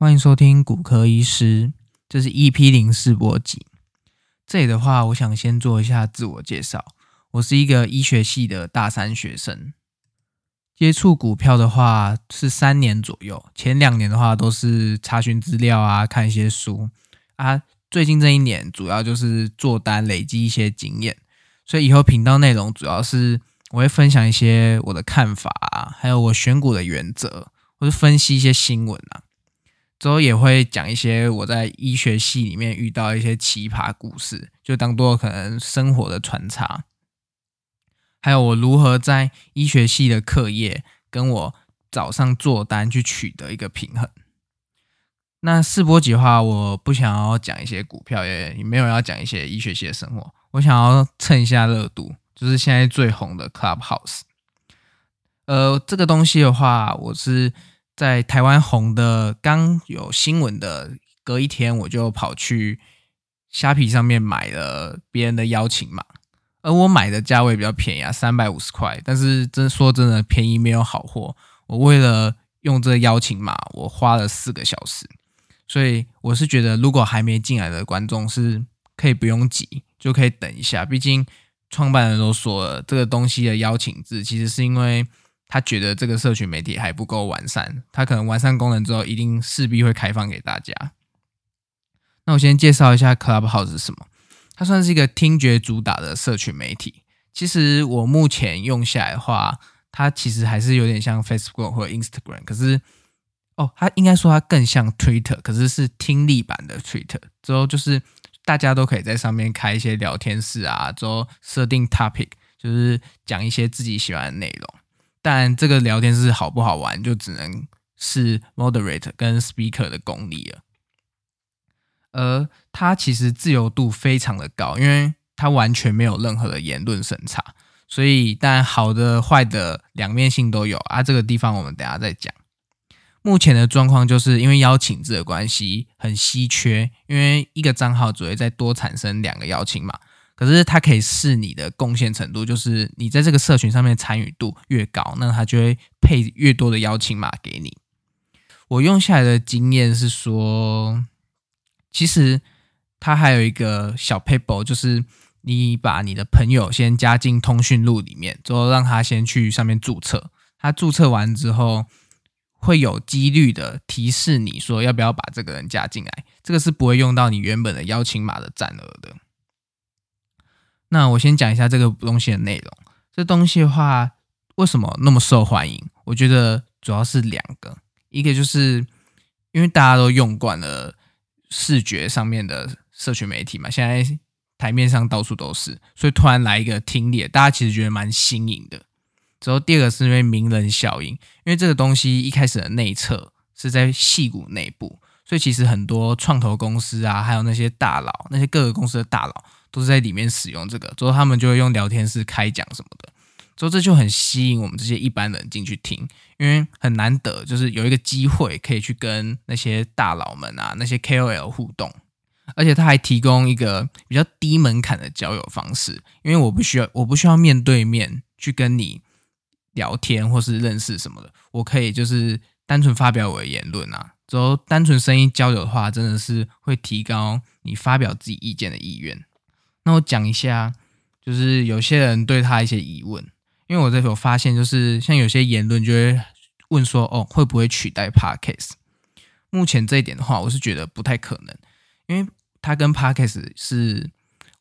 歡迎收聽骨科醫師，這是 EP 零四播集。這裡的話，我想先做一下自我介紹。我是一個醫學系的大三學生，接觸股票的話是三年左右。前兩年的話都是查詢資料啊，看一些書啊。最近這一年主要就是做單，累積一些經驗。所以以後頻道內容主要是我會分享一些我的看法啊，還有我選股的原則，或是分析一些新聞啊。之後也會講一些我在醫學系裡面遇到一些奇葩故事，就當做可能生活的穿插。還有我如何在醫學系的課業跟我早上做單去取得一個平衡。那試播集的話，我不想要講一些股票，也沒有要講一些醫學系的生活。我想要蹭一下熱度，就是現在最紅的 Clubhouse。呃，這個東西的話，我是。在台灣紅的，剛有新聞的，隔一天我就跑去蝦皮上面買了別人的邀請碼，而我買的價位比較便宜啊，三百五十塊。但是真說真的，便宜沒有好貨。我為了用這個邀請碼，我花了四個小時。所以我是覺得，如果還沒進來的觀眾是可以不用急，就可以等一下。畢竟創辦人都說了，這個東西的邀請制其實是因為。他覺得這個社群媒體還不夠完善，他可能完善功能之後，一定勢必會開放給大家。那我先介紹一下 Clubhouse 是什麼，它算是一個聽覺主打的社群媒體。其實我目前用下來的話，它其實還是有點像 Facebook 或者 Instagram，可是哦，它應該說它更像 Twitter，可是是聽力版的 Twitter。之後就是大家都可以在上面開一些聊天室啊，之後設定 topic，就是講一些自己喜歡的內容。但這個聊天室好不好玩，就只能是 moderate 跟 speaker 的功力了。而它其實自由度非常的高，因為它完全沒有任何的言論審查，所以但好的壞的兩面性都有啊。這個地方我們等一下再講。目前的狀況就是因為邀請制的關係很稀缺，因為一個賬號只會再多產生兩個邀請碼。可是它可以視你的貢獻程度，就是你在這個社群上面參與度越高，那他就會配越多的邀請碼給你。我用下來的經驗是說，其實它還有一個小撇步，就是你把你的朋友先加進通訊錄裡面，之後讓他先去上面註冊。他註冊完之後，會有幾率的提示你說要不要把這個人加進來。這個是不會用到你原本的邀請碼的佔額的。那我先講一下這個東西的內容。這東西的話，為什麼那麼受歡迎？我覺得主要是兩個，一個就是因為大家都用慣了視覺上面的社群媒體嘛，現在台面上到處都是，所以突然來一個聽力，大家其實覺得蠻新穎的。之後第二個是因為名人效應，因為這個東西一開始的內測是在矽谷內部。所以其實很多創投公司啊，還有那些大佬，那些各個公司的大佬，都是在裡面使用這個。之後他們就會用聊天室開講什麼的，所以這就很吸引我們這些一般人進去聽，因為很難得，就是有一個機會可以去跟那些大佬們啊，那些 KOL 互動。而且他還提供一個比較低門檻的交友方式，因為我不需要，我不需要面對面去跟你聊天或是認識什麼的，我可以就是單純發表我的言論啊。之後，單純聲音交流的話，真的是會提高你發表自己意見的意願。那我講一下，就是有些人對他一些疑問，因為我在這時候發現，就是像有些言論就會問說：“哦，會不會取代 Podcast？” 目前這一點的話，我是覺得不太可能，因為他跟 Podcast 是，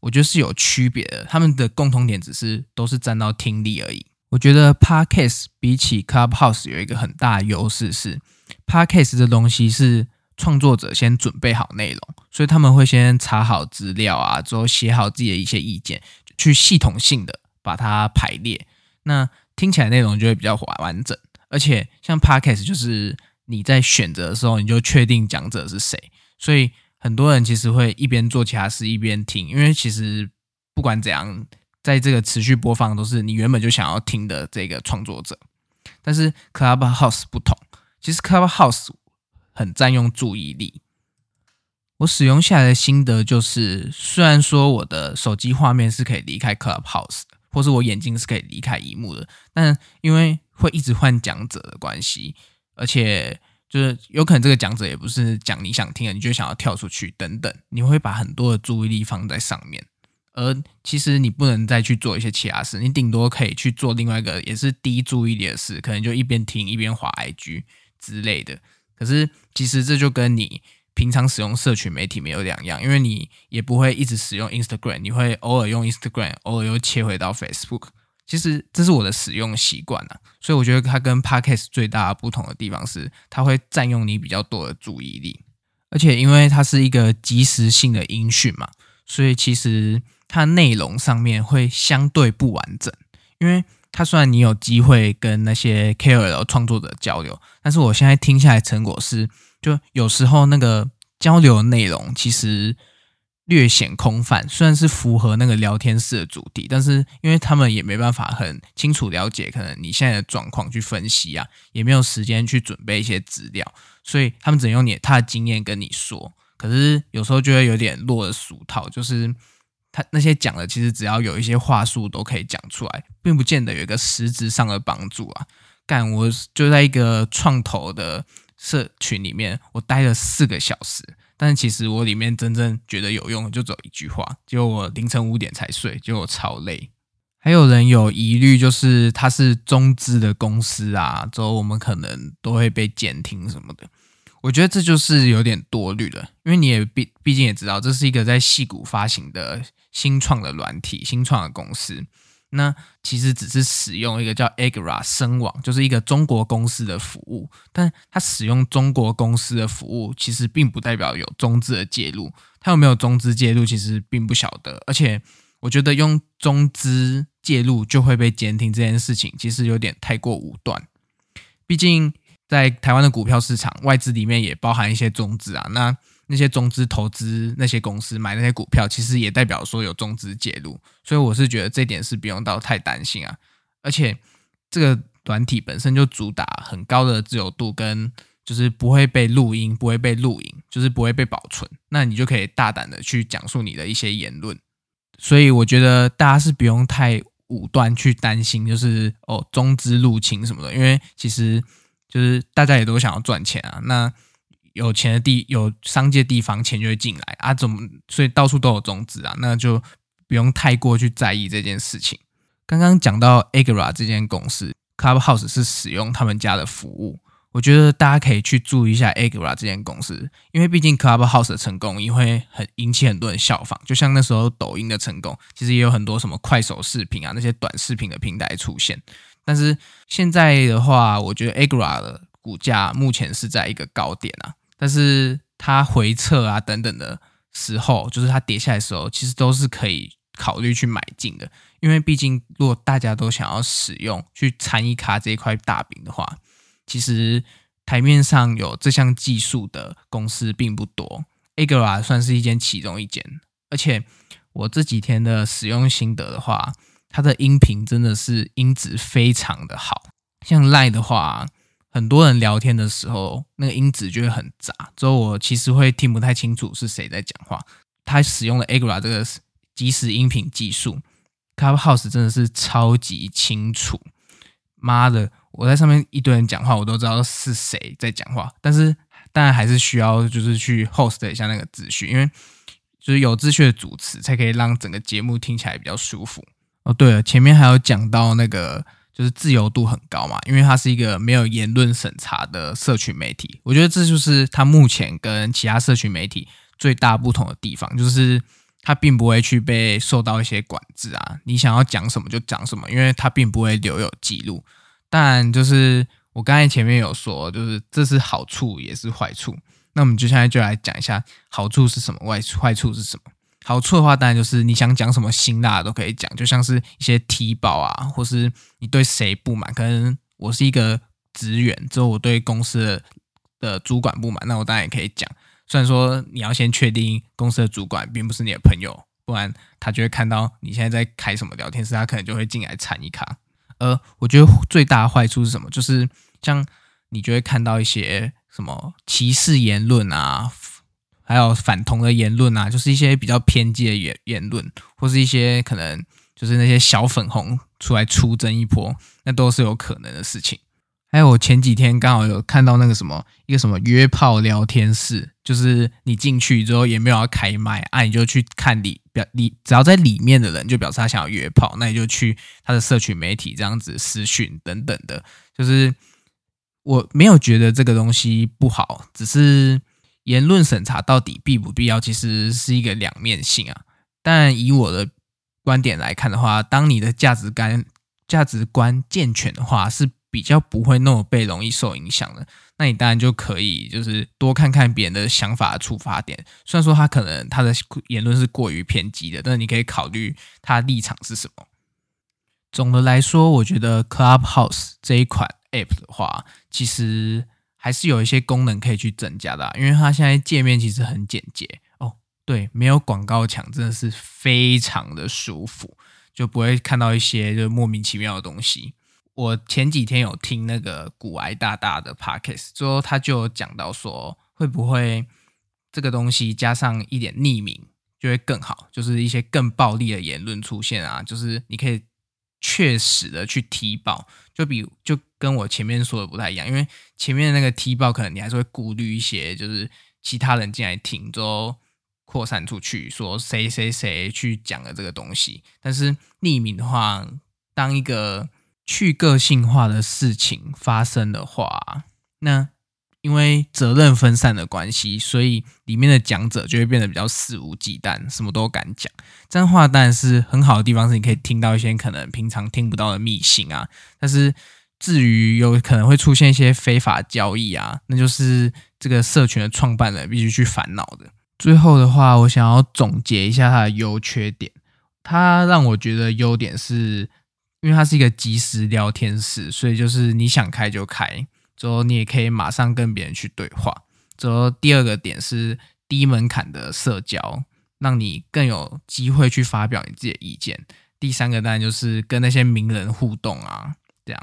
我覺得是有區別的。他們的共同點只是都是占到聽力而已。我覺得 Podcast 比起 Clubhouse 有一個很大的優勢是。Podcast 這東西是創作者先準備好內容，所以他們會先查好資料啊，之後寫好自己的一些意見，去系統性的把它排列。那聽起來內容就會比較完完整。而且像 Podcast，就是你在選擇的時候，你就確定講者是誰。所以很多人其實會一邊做其他事一邊聽，因為其實不管怎樣，在這個持續播放都是你原本就想要聽的這個創作者。但是 Clubhouse 不同。其實 Clubhouse 很佔用注意力。我使用下來的心得就是，雖然說我的手機畫面是可以離開 Clubhouse 的，或是我眼睛是可以離開螢幕的，但因為會一直換講者的關係，而且就是有可能這個講者也不是講你想聽的，你就想要跳出去等等，你會把很多的注意力放在上面，而其實你不能再去做一些其他事，你頂多可以去做另外一個也是低注意力的事，可能就一邊聽一邊滑 IG。之類的，可是其實這就跟你平常使用社群媒體沒有兩樣，因為你也不會一直使用 Instagram，你會偶爾用 Instagram，偶爾又切回到 Facebook。其實這是我的使用習慣啊，所以我覺得它跟 Podcast 最大的不同的地方是，它會佔用你比較多的注意力，而且因為它是一個即時性的音訊嘛，所以其實它內容上面會相對不完整，因為。他雖然你有機會跟那些 KOL 創作者交流，但是我現在聽下來，成果是就有時候那個交流內容其實略顯空泛。雖然是符合那個聊天室的主題，但是因為他們也沒辦法很清楚了解可能你現在的狀況去分析啊，也沒有時間去準備一些資料，所以他們只能用你他的經驗跟你說。可是有時候就會有點落了俗套，就是。他那些講的，其實只要有一些話術都可以講出來，並不見得有一個實質上的幫助啊。幹，我就在一個創投的社群裡面，我待了四個小時，但是其實我裡面真正覺得有用的就只有一句話，就我凌晨五點才睡，就我超累。還有人有疑慮，就是他是中資的公司啊，之後我們可能都會被監聽什麼的。我覺得這就是有點多慮了，因為你也畢畢竟也知道，這是一個在矽谷發行的新創的軟體、新創的公司。那其實只是使用一個叫 Agra 聲網，就是一個中國公司的服務。但它使用中國公司的服務，其實並不代表有中資的介入。它有沒有中資介入，其實並不曉得。而且，我覺得用中資介入就會被監聽這件事情，其實有點太過武斷。畢竟。在台灣的股票市場，外資裡面也包含一些中資啊，那那些中資投資那些公司買那些股票，其實也代表說有中資介入，所以我是覺得這點是不用到太擔心啊。而且這個軟體本身就主打很高的自由度，跟就是不會被錄音、不會被錄影、就是不會被保存，那你就可以大膽的去講述你的一些言論。所以我覺得大家是不用太武斷去擔心，就是哦，中資入侵什麼的，因為其實。就是大家也都想要賺錢啊，那有錢的地有商機的地方，錢就會進來啊，怎麼所以到處都有中資啊，那就不用太過去在意這件事情。剛剛講到 Agora 這間公司，Clubhouse 是使用他們家的服務，我覺得大家可以去注意一下 Agora 這間公司，因為畢竟 Clubhouse 的成功也會很引起很多人效仿，就像那時候抖音的成功，其實也有很多什麼快手視頻啊那些短視頻的平台出現。但是現在的話，我覺得 Agra 的股價目前是在一個高點啊，但是它回撤啊等等的時候，就是它跌下來的時候，其實都是可以考慮去買進的，因為畢竟如果大家都想要使用去參一咖這一塊大餅的話，其實台面上有這項技術的公司並不多，Agra 算是一間其中一間，而且我這幾天的使用心得的話。它的音頻真的是音質非常的好，像賴的話、啊，很多人聊天的時候，那個音質就會很雜，之後我其實會聽不太清楚是誰在講話。他使用的 Agra 這個即時音頻技術，Clubhouse 真的是超級清楚。媽的，我在上面一堆人講話，我都知道是誰在講話。但是當然還是需要就是去 host 一下那個秩序，因為就是有秩序的主持，才可以讓整個節目聽起來比較舒服。哦，對了，前面還有講到那個就是自由度很高嘛，因為它是一個沒有言論審查的社群媒體，我覺得這就是它目前跟其他社群媒體最大不同的地方，就是它並不會去被受到一些管制啊，你想要講什麼就講什麼，因為它並不會留有記錄。當然，就是我剛才前面有說，就是這是好處也是壞處，那我們就現在就來講一下好處是什麼，壞壞處是什麼。好處的話，當然就是你想講什麼辛辣的都可以講，就像是一些提保啊，或是你對誰不滿，可能我是一個職員，之後我對公司的，的主管不滿，那我當然也可以講。雖然說你要先確定公司的主管並不是你的朋友，不然他就會看到你現在在開什麼聊天室，他可能就會進來參一咖。而我覺得最大的壞處是什麼？就是像你就會看到一些什麼歧視言論啊。還有反同的言論啊，就是一些比較偏激的言言論，或是一些可能就是那些小粉紅出來出征一波，那都是有可能的事情。還有我前幾天剛好有看到那個什麼一個什麼約炮聊天室，就是你進去之後也沒有要開麥啊，你就去看裡表裡只要在裡面的人就表示他想要約炮，那你就去他的社群媒體這樣子私訊等等的。就是我沒有覺得這個東西不好，只是。言論審查到底必不必要，其實是一個兩面性啊。但以我的觀點來看的話，當你的價值觀價值觀健全的話，是比較不會那麼被容易受影響的。那你當然就可以就是多看看別人的想法出發點。雖然說他可能他的言論是過於偏激的，但你可以考慮他立場是什麼。總的來說，我覺得 Clubhouse 這一款 App 的話，其實。還是有一些功能可以去增加的啊，因為它現在界面，其實很簡潔哦。對，沒有廣告牆，真的是非常的舒服，就不會看到一些就莫名其妙的東西。我前幾天有聽那個古埃大大的 Podcast，說他就講到說，會不會這個東西加上一點匿名就會更好，就是一些更暴力的言論出現啊，就是你可以確實的去提報，就比如就。跟我前面說的不太一樣，因為前面的那個踢爆，可能你還是會顧慮一些，就是其他人進來聽之後擴散出去，說誰誰誰去講了這個東西。但是匿名的話，當一個去個性化的事情發生的話，那因為責任分散的關係，所以裡面的講者就會變得比較肆無忌憚，什麼都敢講。這樣的話當然是很好的地方，是你可以聽到一些可能平常聽不到的秘辛啊，但是。至於有可能會出現一些非法交易啊，那就是這個社群的創辦人必須去煩惱的。最後的話，我想要總結一下它的優缺點。它讓我覺得優點是，因為它是一個即時聊天室，所以就是你想開就開，之後你也可以馬上跟別人去對話。之後第二個點是低門檻的社交，讓你更有機會去發表你自己的意見。第三個當然就是跟那些名人互動啊，這樣。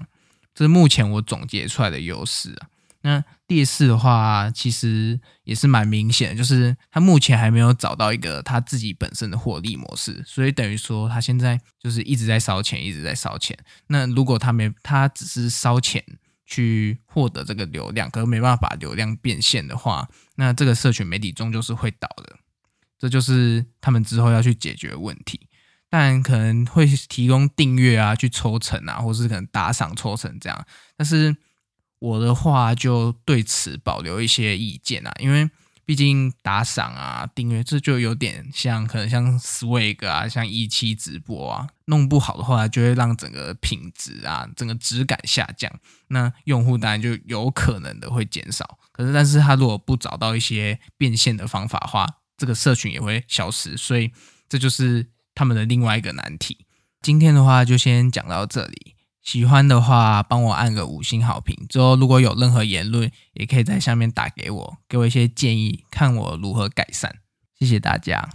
這是目前我總結出來的優勢啊。那劣勢的話，其實也是蠻明顯的，就是他目前還沒有找到一個他自己本身的獲利模式，所以等於說他現在就是一直在燒錢，一直在燒錢。那如果他沒，他只是燒錢去獲得這個流量，可是沒辦法把流量變現的話，那這個社群媒體終究是會倒的。這就是他們之後要去解決的問題。但可能會提供訂閱啊，去抽成啊，或是可能打賞抽成這樣。但是我的話就對此保留一些意見啊，因為畢竟打賞啊、訂閱，這就有點像可能像 Swag 啊、像17直播啊，弄不好的話就會讓整個品質啊、整個質感下降。那用戶當然就有可能的會減少。可是，但是他如果不找到一些變現的方法的話，這個社群也會消失。所以這就是。他們的另外一個難題。今天的話就先講到這裡，喜歡的話幫我按個五星好評。之後如果有任何言論，也可以在下面打給我，給我一些建議，看我如何改善。謝謝大家。